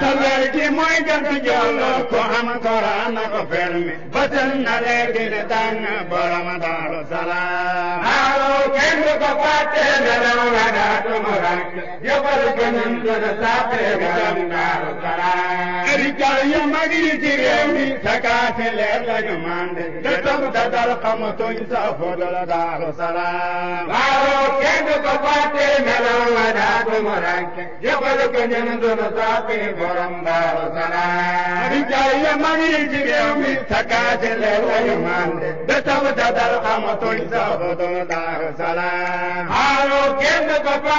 te wér gi mooy gàtt jollo ko am koraan na ko fermi bëtal na leer gi ne tàng borom daaru salaam. allo kenn du ko fàtte ne rijaal ya yi ci réew mi sakaate leer lañu mande te tam da dal xamatuñ sa foto la salaam waaroo kenn yi ci réew mi sakaate leer lañu mande te tam da dal xamatuñ sa foto la salaam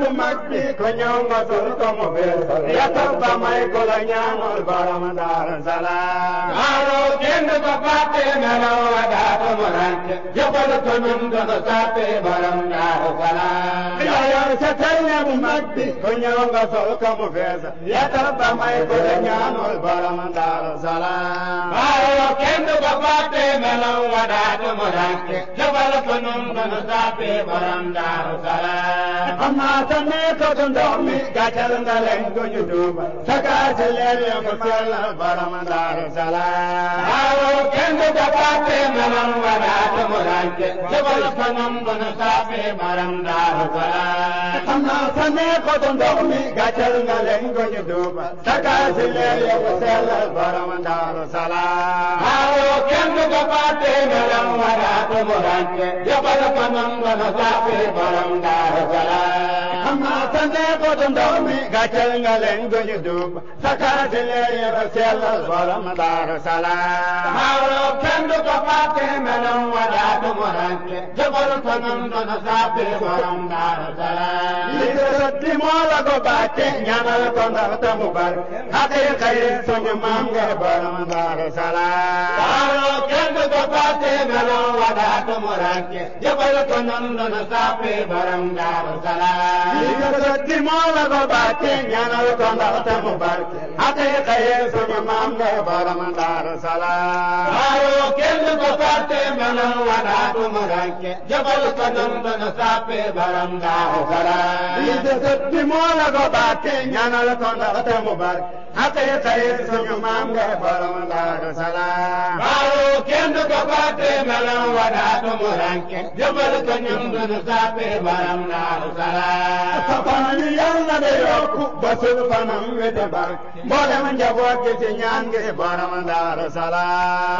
bu mag bi ko ñëw nga sol ko mu feesal yasab ba kenn ba fàtte nelaw jëfandikoo ko ñun doon sàppee borom daaru salaam. li nga yor sa tayla bu mag bi. ku ñëw nga sol ka mu fees. yaakaar ba may ko la ñaanul borom daaru salaam. waaye yow kenn du ko fàtte melaw wa daatu mu ràkke. jëfandikoo ko ñun doon sàppee borom daaru salaam. am naa sa méthode ndox mi. gàccal nga leen ko ñu duubal. sa kaasi leen ko sellal borom daaru salaam. नम वार जबल कनम वन सादासल भरंदा जपाते नंबर जपल पनम वन सां am sa neexotu ndox mi gàccal nga leen gëñu dub sa kaasi leeri fa sellal borom daaru salaam mawloo kenn du ko fàtte melam wadaa du mu rànde jëfal ko nun dunu sàppi borom salaam li sa sët di moo la ko bàcce ñaanal ko ndax tamu bar xaqiiqa yi suñu maam borom daaru salaam wadata moranke jabal ko nandon sape baram daru salam yiga sotti mola babake ñaanal ko ndax te mu barke atay xaye sama maam nga baram daru salam baro kenn ko fàtte manal wadata moranke jabal ko nandon sape baram daru salam yiga sotti mola babake ñaanal ko ndax te mu barke atay xaye sama maam nga baram daru salam soo fàttee melam wadaatu mu ranke jëmal ko ñun duñu sàppee baram naaru salaam safaani yàlla na de yokku ba sunu fanam wi de barke mboolem njaboot gi ci ñaan gi baram naaru salaam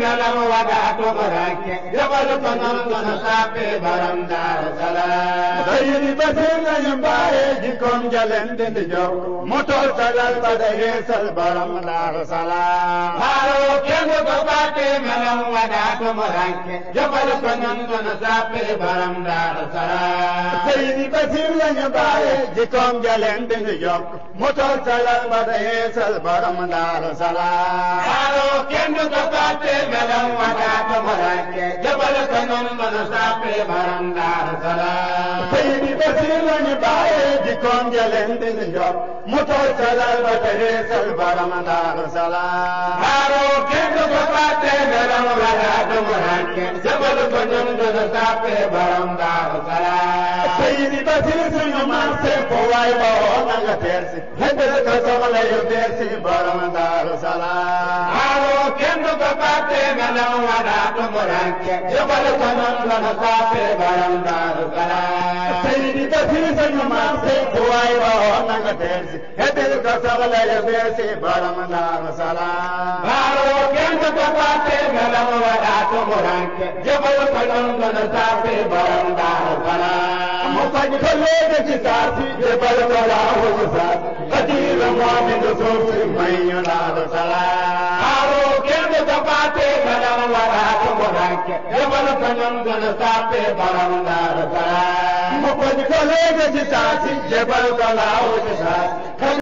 galam waga tokorake yabal tonon kono sape baram dar salam dayini basirna yimbaye jikom jalende ndi jor motol dalal bada hesal baram dar salam haro kendo ko bate melam waga tomorake yabal tonon kono sape baram dar salam dayini basirna yimbaye jikom jalende ndi jor motol dalal bada baram dar salam haro kendo ko bate जबला भरमारे मुर madam जबल त जने भरंदा मेर थोरमारो सला saafeema law wanaa tumuranke jobal maase duwaay ba hoon nanga teersi hedel ko soxlale beesi borom naaru salaa baaroo kenta ko saafeema law wanaa mu sañ ko léegi saasi jobal ko laawu ci saasi xadiira moo mi ndu suuf si may चाची जे बलाव